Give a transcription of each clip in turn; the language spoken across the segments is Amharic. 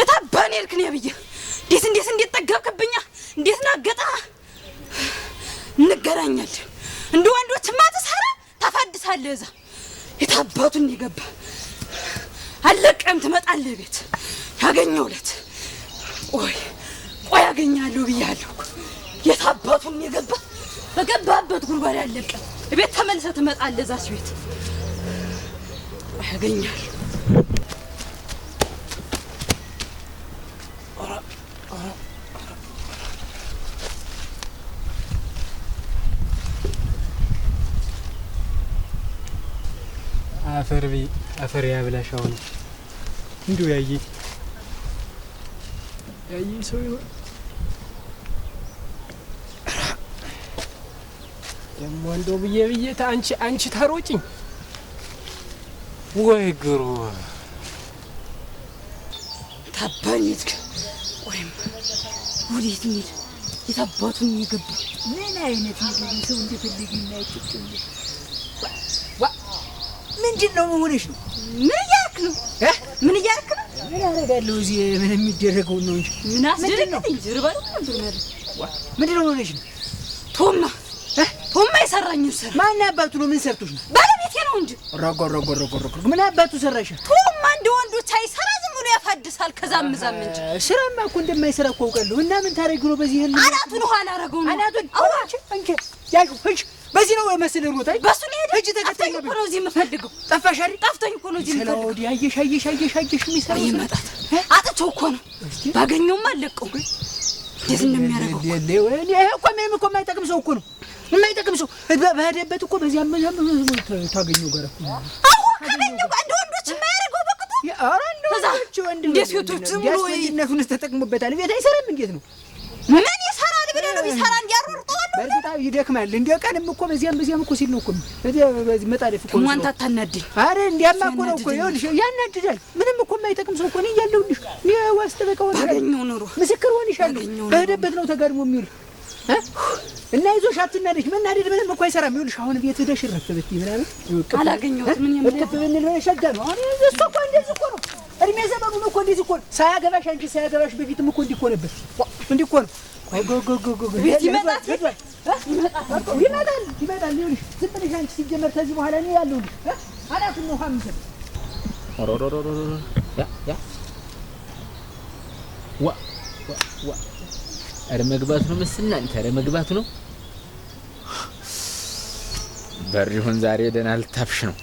የታባን ሄድክ ነው ብዬ እንዴት እንዴት እንዴት ጠገብክብኛ እንዴት ናገጣ እንገናኛለን። እንደ ወንዶች ማተሳራ ታፋድሳለህ። እዛ የታባቱን የገባ አለቀም ትመጣለህ ቤት ያገኘው ዕለት ቆይ ቆይ ያገኛለሁ ብያለሁ። የታባቱን የገባ በገባበት ጉድጓድ አለቀም ቤት ተመልሰህ ትመጣለህ። እዛች ቤት ቆይ ያገኛለሁ አፈር አፈር ያብላሽ። አሁን እንዲሁ ያየ ያየ ሰው ይሆን ደግሞ እንደው ብዬ ብዬ አንቺ አንቺ ታሮጭኝ ወይ ግሩ ታባኝት ወይም ወዴት ሚል የታባቱን የገባ ምን አይነት ሰው እንደፈለገ የማይጭጭ ምንድን ነው መሆንሽ ነው? ምን እያደረክ ነው? ምን እያደረክ ነው? ምን አደርጋለሁ? እዚህ ምን የሚደረገው ነው እንጂ ምን አስደነገጠኝ። ጀርባ ምንድን ነው መሆንሽ ነው? ቶማ ቶማ የሰራኝን ስራ ማን አባቱ ነው? ምን ሰርቶች ነው? ባለቤቴ ነው እንጂ ረጎ ምን አባቱ ሰራሽ? ቶማ እንደ ወንዶች አይሰራ ዝም ብሎ ያፋድሳል። ከዛ ምዛም እንጂ ስራማ እኮ እንደማይሰራ እኮ አውቃለሁ። እና ምን ታደርጊ ነው በዚህ ህል አናቱን ውሃ አላረገው ነው አናቱን አሁን አንቺ እንቺ ያሹ እንቺ በዚህ ነው መሰለህ ሮጠኝ። በሱ ነው ሄደ እጅ ተከታይ ነው ነው እዚህ የምፈልገው ጠፋሽ አይደል? ጠፍተኝ እኮ ነው እዚህ የምፈልገው። ወዲያ አየሽ አየሽ አየሽ አየሽ የሚሰራ ይመጣት አጥቼው እኮ ነው ባገኘውም አለቀው። እንደዚህ ነው የሚያደርገው። እኔ ይሄ እኮ ምንም እኮ የማይጠቅም ሰው እኮ ነው የማይጠቅም ሰው በሄደበት እኮ በዚህ አመዛም ታገኘው ጋር እኮ አሁን ካገኘው ጋር እንደ ወንዶች የማያደርገው በቅጡ ኧረ እንደወንዶች ወንድ እንደ ሴቶች ዝም ብሎ ያስፈልግነቱን ተጠቅሞበታል። ቤት አይሰራም። እንዴት ነው ምን ይሰራል ብለህ ነው ቢሰራ እንዲያሮርጦ በእርግጣ ይደክማል። እንደ ቀንም እኮ በዚያም በዚያም እኮ ሲል ነው እኮ መጣደፍ እኮ ነው። አንተ አረ እንዲያማ እኮ ነው እኮ ይኸውልሽ፣ ያናድዳል። ምንም እኮ የማይጠቅም ሰው እኮ እኔ እያለሁልሽ የዋስ ጠበቃ ሆነሽ ኑሮ ምስክር ሆነሻለሁ። በሄደበት ነው ተጋድሞ የሚውል እና ይዞሽ አትናደሽ። መናደድ ምንም እኮ አይሰራም። ይኸውልሽ አሁን ቤት ሄደሽ እረፍ ብትይ ምናምን አላገኘሁት ምን እርክብ ብንል ሸጋ ነው። አሁን እሱ እኮ እንደዚህ እኮ ነው። እድሜ ዘመኑም እኮ እንደዚህ እኮ ነው። ሳያገባሽ አንቺ ሳያገባሽ በፊትም እኮ እንዲህ እኮ ነበር፣ እንዲህ እኮ ነው ኧረ መግባቱ ነው ኧረ መግባቱ ነው። በር ይሁን ዛሬ ደህና ነው።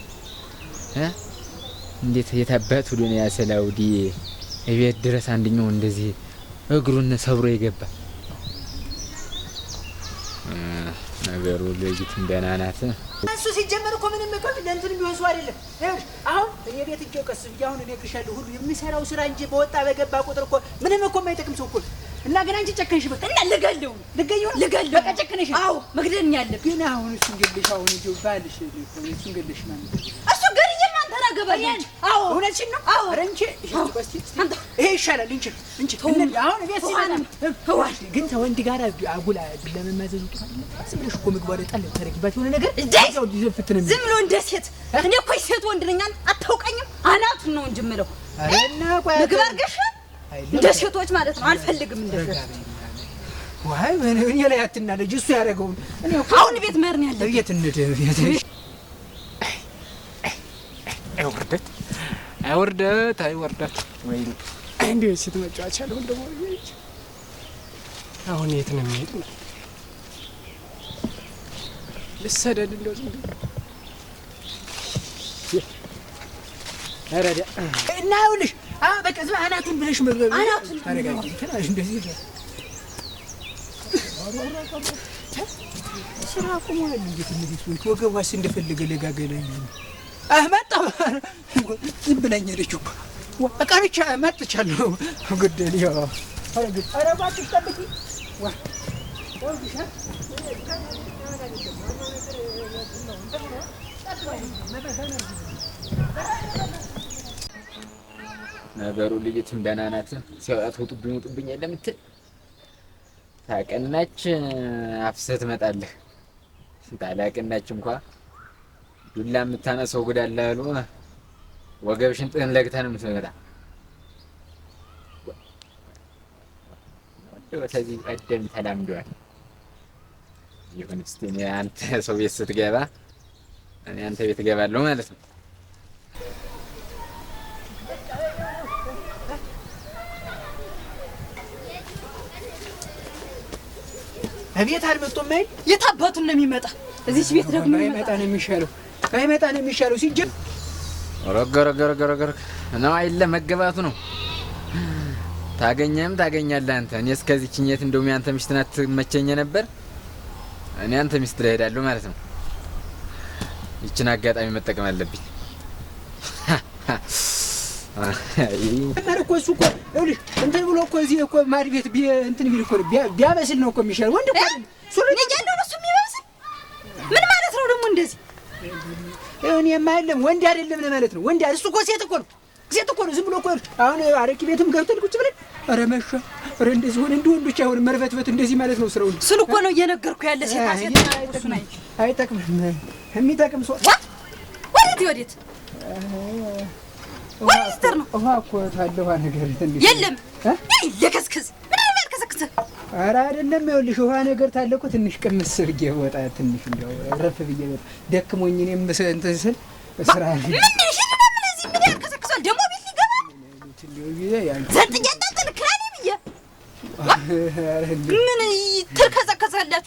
እንዴት የታባቱ ዱንያ ሰላውዲ እቤት ድረስ አንደኛው እንደዚህ እግሩን ሰብሮ የገባ ነገሩ ለይት እንደናናት እሱ ሲጀመር እኮ ምንም እኮ ለእንትን የሚሆን ሰው አይደለም። ይኸውልሽ አሁን እኔ ቤት እጄው ቀስ ብዬ አሁን እነግርሻለሁ ሁሉ የሚሰራው ስራ እንጂ በወጣ በገባ ቁጥር እኮ ምንም እኮ የማይጠቅም ሰው እኮ እና ግን አንቺ ጨከንሽ። በቃ እና ልገለው ልገየው ልገለው በቃ ጨከንሽ። አዎ መግደል ነው ያለብህ። ግን አሁን እሱ እንግዲህ አሁን ባልሽ እሱ እንግዲህ ማለት እሱ አገባኝ። ነው። አሁን ቤት ግን ተወንድ ጋር አጉላ ለመመዘዙ ዝም ብለሽ እኮ ምግብ ወደ ጣል ተረግባት የሆነ ነገር ዝም ብሎ እንደ ሴት እኔ እኮ ሴት ወንድ ነኝ አታውቀኝም። አናቱን ነው እንጂ የምለው ምግብ አድርገሽ እንደ ሴቶች ማለት ነው። አልፈልግም እንደዚህ ዋይ እኔ ላይ አትናደጅ። እሱ ያደረገውን አሁን ቤት መሄድ ነው ውርደት፣ አይ ውርደት። ወይ እንዴ ሴት መጫወቻ ለሁን ደግሞ አሁን የት ነው የሚሄድ? ነው ልሰደድ እንደው ዝም ረዳ እና ይኸውልሽ፣ በቃ ዝም አናቱን ብለሽ አናቱን ስራ ቁሞ ወገቧስ እንደፈለገ ለጋገላ መጣ ዝም ብለኝ ልጁ ቀርቻ መጥቻለሁ። ግድል ነገሩ ልጅትም ደህና ናት። ሲያወጣት ውጡብኝ ውጡብኝ ለምትል ታቀናች አፍሰት ትመጣለህ። ታላቅናች እንኳ ዱላ የምታነሰው ጉዳ አለ ያሉ ወገብሽን ጥህን ለግተን ምትበላ ከዚህ ቀደም ተላምደዋል። ይሁን እስኪ እኔ አንተ ሰው ቤት ስትገባ እኔ አንተ ቤት እገባለሁ ማለት ነው። እቤት አልመጡም። የት አባቱን ነው የሚመጣ? እዚች ቤት ደግሞ ይመጣ ነው የሚሻለው ከይመጣ ነው የሚሻለው። ሲጀ ረገረገረገረገር ነው አይለ መገባቱ ነው። ታገኘም ታገኛለህ አንተ። እኔ እስከዚህችኘት እንደውም ያንተ ሚስት ናት መቸኘ ነበር። እኔ አንተ ሚስት ላይ ሄዳለሁ ማለት ነው። ይችን አጋጣሚ መጠቀም አለብኝ። እኮ እሱ እኮ ይኸውልሽ እንትን ብሎ እኮ እዚህ እኮ ማድ ቤት እንትን ቢል እኮ ቢያበስል ነው እኮ የሚሻል ወንድ እኮ የሚበስል ምን ማለት ነው ደግሞ እንደዚህ እኔማ የለም ወንድ አይደለም ለማለት ነው። ወንድ እሱ እኮ ሴት እኮ ነው። ሴት እኮ ነው። ዝም ብሎ እኮ አሁን አረቂ ቤትም ገብተን ቁጭ ብለን ኧረ መሻ ኧረ እንደዚህ ሆነ እንደ ወንዶች አይሆንም መርበትበት እንደዚህ ማለት ነው። ስለው ስል እኮ ነው እየነገርኩህ ያለ ሴት ሴት አይጠቅምም። የሚጠቅም ሰው ወዴት ወዴት ወዴት ነው ውሃ እኮ ታለ ውሃ ነገር የለም የከስክዝ አረ አይደለም። ይኸውልሽ ውሃ ነገር ታለ ትንሽ ቅምስ ብዬ ወጣ ትንሽ እንደው ረፍ ብዬ ወጣ ደክሞኝ እኔም እንትን ስል ስራ ምን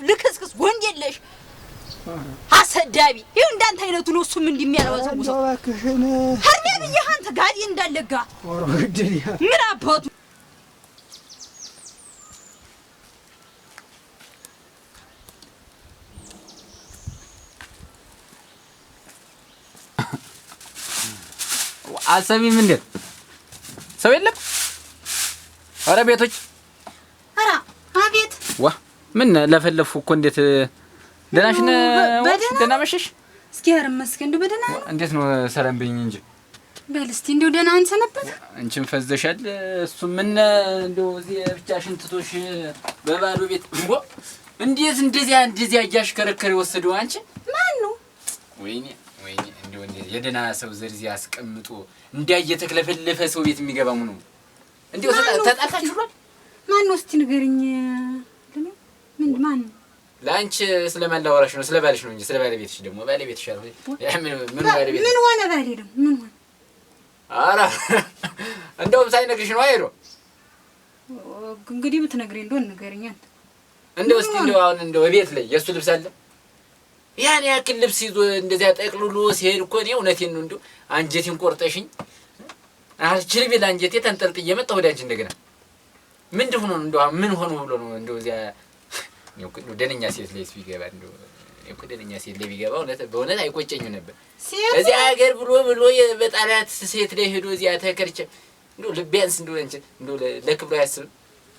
ልክስክስ ወንድ የለሽ አሰዳቢ። እንዳንተ አይነቱ ነው እሱም እንደሚያለዋዘው ሰው። አንተ እንዳለጋ ምን አባቱ አሰሚም እንዴት ሰው የለም? አረ ቤቶች፣ አራ አቤት። ዋ ምን ለፈለፉ እኮ እንዴት ደህና ነሽ? ደህና መሸሽ። እስኪ ያር መስከን እንደው በደህና እንዴት ነው? ሰላም በይኝ እንጂ በል እስቲ እንደው ደህና አንሰነበት። አንቺም ፈዘሻል። እሱ ምን እንደው እዚህ ብቻሽን ትቶሽ በባዶ ቤት እንዴት እንደዚያ እንደዚያ እያሽከረከረ ወሰደው አንቺ ማን ነው? ወይኔ የደህና ሰው ዝርዝር ያስቀምጡ። እንዲያ እየተክለፈለፈ ሰው ቤት የሚገባሙ ነው። እንዲያው ተጣልታችሁሏል? ማን ነው እስቲ ንገርኝ። ምን ማን ነው? ለአንቺ ስለማላወራሽ ነው፣ ስለባልሽ ነው እንጂ ስለ ባለቤትሽ ደግሞ ባለቤትሽ አልሆነ። ምን ባለቤት ምን ሆነ? ባሌ ደግሞ ምን ሆነ? ኧረ እንደውም ሳይነግርሽ ነው አይሮ እንግዲህ ብትነግሪኝ እንደሆነ ንገረኝ። እንደው እስቲ እንደው አሁን እንደው ቤት ላይ የእሱ ልብስ አለ ያን ያክል ልብስ ይዞ እንደዚያ ጠቅልሎ ሲሄድ እኮ እኔ እውነቴን ነው እንዲሁ አንጀቴን ቆርጠሽኝ አልችል ቢል አንጀቴ ተንጠልጥ እየመጣ ወዳጅ እንደገና ምንድን ሆኖ ነው እንደው ምን ሆኖ ብሎ ነው እንደው እዚያ ደነኛ ሴት ላይ ቢገባ እንደው ደነኛ ሴት ላይ ቢገባ በእውነት አይቆጨኝ ነበር። እዚያ ሀገር ብሎ ብሎ በጣላት ሴት ላይ ሄዶ እዚያ ተከርቸ እንደው ቢያንስ እንደው ለክብሮ አያስብም።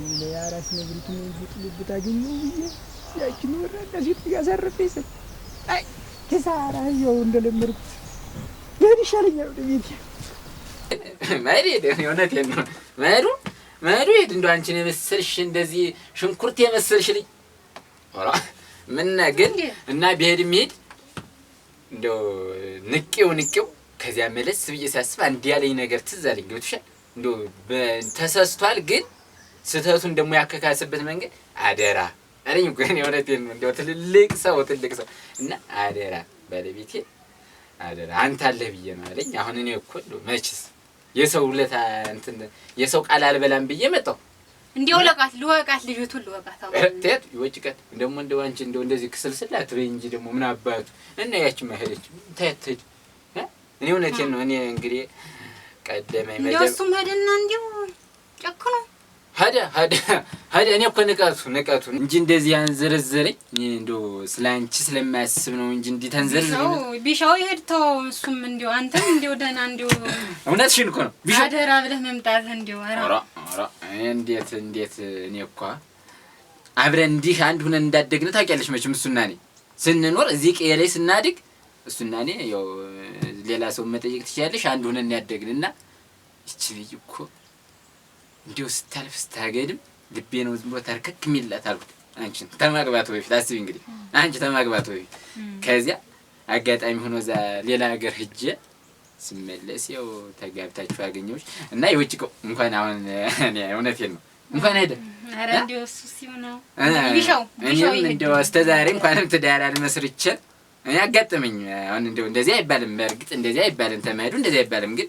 የሚለው የአራስ ነብሪቱን ጥልብት ብዬ ያችን ወራዳ ሴት አይ ያው እንደለመድኩት ይሻለኛል ወደ ቤት መሄድ። እውነቴን ነው መሄዱ መሄዱ ሄድ አንቺን የመሰልሽ እንደዚህ ሽንኩርት የመሰልሽ ልኝ ምነ ግን እና ንቄው ንቄው ከዚያ መለስ ብዬ ሳስብ አንድ ያለኝ ነገር ትዝ አለኝ። ገብቶሻል? ተሰስቷል ግን ስህተቱን ደግሞ ያከካስበት መንገድ አደራ አለኝ እኮ እኔ እውነቴን ነው። እንደው ትልልቅ ሰው ትልቅ ሰው እና አደራ ባለቤቴ አደራ አንተ አለህ ብዬ ነው አለኝ። አሁን እኔ እኮ እንደው መችስ የሰው ውለታ እንትን የሰው ቃል አልበላም ብዬ መጣሁ። እንዲያው ለቃት ልወቃት ልጅቱን ልወቃት አሁን ይወጭቀት ደግሞ እንደው አንቺ እንደው እንደዚህ ክስልስላ አትበይ እንጂ ደግሞ ምን አባቱ እና ያቺ መሄደች ታትድ እኔ እውነቴን ነው። እኔ እንግዲህ ቀደመ ይመደብ እንደው እሱም ሄደና እንዲው ጨክኖ ሄደ ሄደ ሄደ። እኔ እኮ ንቀቱ ንቀቱ እንጂ እንደዚህ ያንዘረዘረኝ እንደው ስለ አንቺ ስለማያስብ ነው እንጂ እንዲህ ተንዘርዝር ቢሻው ይሄድ ተው። እሱም እንደው አንተም እንደው ደህና እንደው እውነትሽን እኮ ነው ቢሻው አደራ ብለህ መምጣት እንደው ኧረ ኧረ እንዴት እንዴት እኔ እኮ አብረን እንዲህ አንድ ሁነን እንዳደግነ ታውቂያለሽ። መቼም እሱና እኔ ስንኖር እዚህ ቀዬ ላይ ስናድግ እሱና እኔ ያው ሌላ ሰው መጠየቅ ትችያለሽ። አንድ ሁነን ያደግንና ይቺ ልጅ እኮ እንዲሁ ስታልፍ ስታገድም ልቤ ነው ዝም ብሎ ተርከክ የሚላት አልኩት። አንቺን ተማግባቱ በፊት አስቢ እንግዲህ አንቺ ተማግባት በፊት ከዚያ አጋጣሚ ሆኖ እዛ ሌላ ሀገር ሂጄ ስመለስ ያው ተጋብታችሁ አገኘሁሽ እና የውጭ ቀው እንኳን አሁን እውነቴን ነው እንኳን ሄደ እኔም እንደ እስከ ዛሬ እንኳንም ትዳር አልመስርቼ እኔ አጋጠመኝ። አሁን እንደው እንደዚህ አይባልም፣ በእርግጥ እንደዚህ አይባልም፣ ተመሄዱ እንደዚህ አይባልም። ግን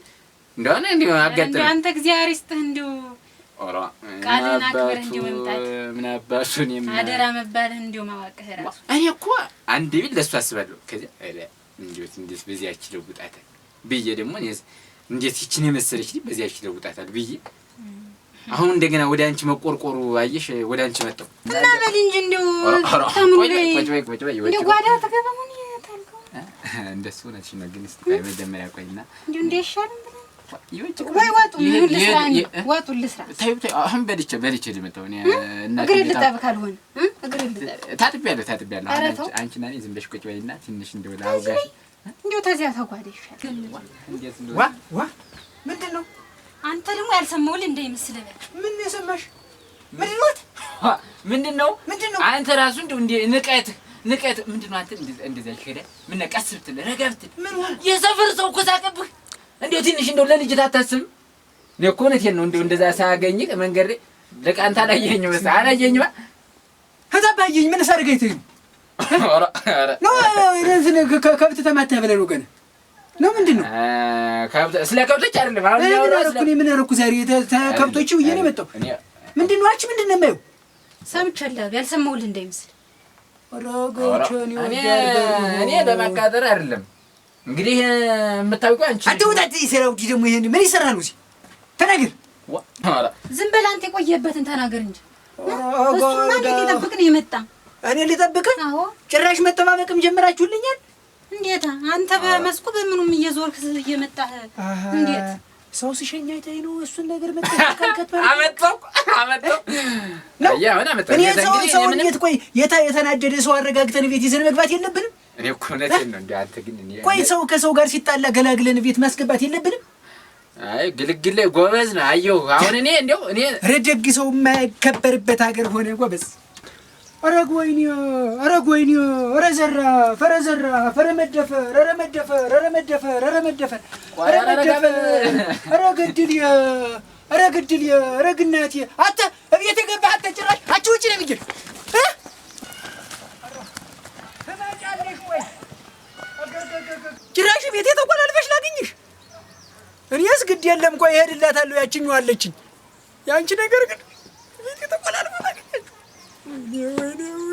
እንደሆነ እንደው አጋጠመኝ አንተ እግዚአብሔር ይስጥህ እንዲሁ ቃልን አክብረህ እንዲሁ መምጣት ምን አባቱን አደራ መባልህ እንዲሁ ማዋቅህ ራሱ እኔ እኮ አንድ ቢል ለሱ አስባለሁ። ከዚያ እንዴት እንዴት በዚያች ለውጣታል ብዬ ደግሞ እንዴት ይችን የመሰለች በዚያች ለውጣታል ብዬ አሁን እንደገና ወደ አንቺ መቆርቆሩ አየሽ፣ ወደ አንቺ መጣሁ እና በል እንጂ እንደው እንደሱ ነሽ ነው። ግን መጀመሪያ ቆይና እንደው እንደ አይሻልም ወይ ወጡን ልስራ። አሁን በልቼ በልቼ ልመጣሁ እኔ ልጠብ፣ ካልሆነ ታጥቤያለሁ፣ ታጥቤያለሁ። አንቺ እና እኔ ዝም ብለሽ ቁጭ በይና ትንሽ እንደው ላውጋሽ፣ እንደው ተዚያ ተጓደ ይሻላል። ምንድን ነው አንተ ደግሞ ያልሰማሁልህ እንዳይመስልህ። ምን የሰማሽ? ምንድን ነው ምንድን ነው አንተ ራሱ እንደው ንቀትህ ንቀትህ ምንድን ነው አንተ እንደዚያ ይሄዳል። ምነው ቀስ ብትል ረጋ ብትል የሰፈር ሰው እኮ ሳቀብህ እንዴው ትንሽ እንደው ለልጅ ታታስብ እኔ እኮ እውነቴን ነው። እንደው እንደዛ ሳያገኝህ መንገድ ላይ አላየኸኝ መስ አላየኝ ባ ከዛ ባየኝ ምን ሰርገይት ነው እንትን ከብት ተማታ ብለህ ነው ገና ነው ምንድን ነው ስለ ከብቶች አይደለም። አሁን ምን አረኩ ዛሬ ከብቶች ብዬ ነው የመጣው። ምንድን ነው አንቺ ምንድን ነው የማየው? ሰምቻለሁ። ያልሰማሁልህ እንዳይመስል ረጎችን እኔ ለማቃጠር አይደለም እንግዲህ የምታውቂው አንቺ አትውጣት። የሰራውት ደግሞ ይሄን ምን ይሰራ ነው? እዚህ ተናገር። ዝም በል አንተ፣ የቆየበትን ተናገር እንጂ እሱማ ሊጠብቅ ነው የመጣ። እኔ ሊጠብቅ? ጭራሽ መጠባበቅም ጀምራችሁልኛል። እንዴታ! አንተ በመስኩ በምኑም እየዞርክ እየመጣህ እንዴት ሰው ሲሸኝ አይተህ ነው? እሱን ነገር እንዴት ቆይ፣ የተናደደ ሰው አረጋግተን ቤት ይዘን መግባት የለብንም። እኔ እኮ እውነቴን ነው። እንደ አንተ ግን እኔ ቆይ ሰው ከሰው ጋር ሲጣላ ገላግለን ቤት ማስገባት የለብንም። አይ ግልግል ላይ ጎበዝ ነው። አየሁ አሁን እኔ እንደው እኔ ረደግ ሰው የማይከበርበት ሀገር ሆነ ጎበዝ። ኧረ ጎይኒ ኧረ ጎይኒ ኧረ ዘራ ፈረ ረረመደፈ፣ ፈረ መደፈ ኧረ መደፈ ኧረ መደፈ ኧረ መደፈ ኧረ መደፈ ኧረ ግድል ኧረ አንተ እቤት የገባህ አንተ ጭራሽ አችሁ ውጪ ነው የሚገርም ጭራሽ ቤቴ ተቆላልፈሽ ላግኝሽ። እኔስ ግድ የለም እኮ ይሄድላታለሁ። ያችኛው አለችኝ። ያንቺ ነገር ግን ቤቴ ተቆላልፈ ላግኛችሁ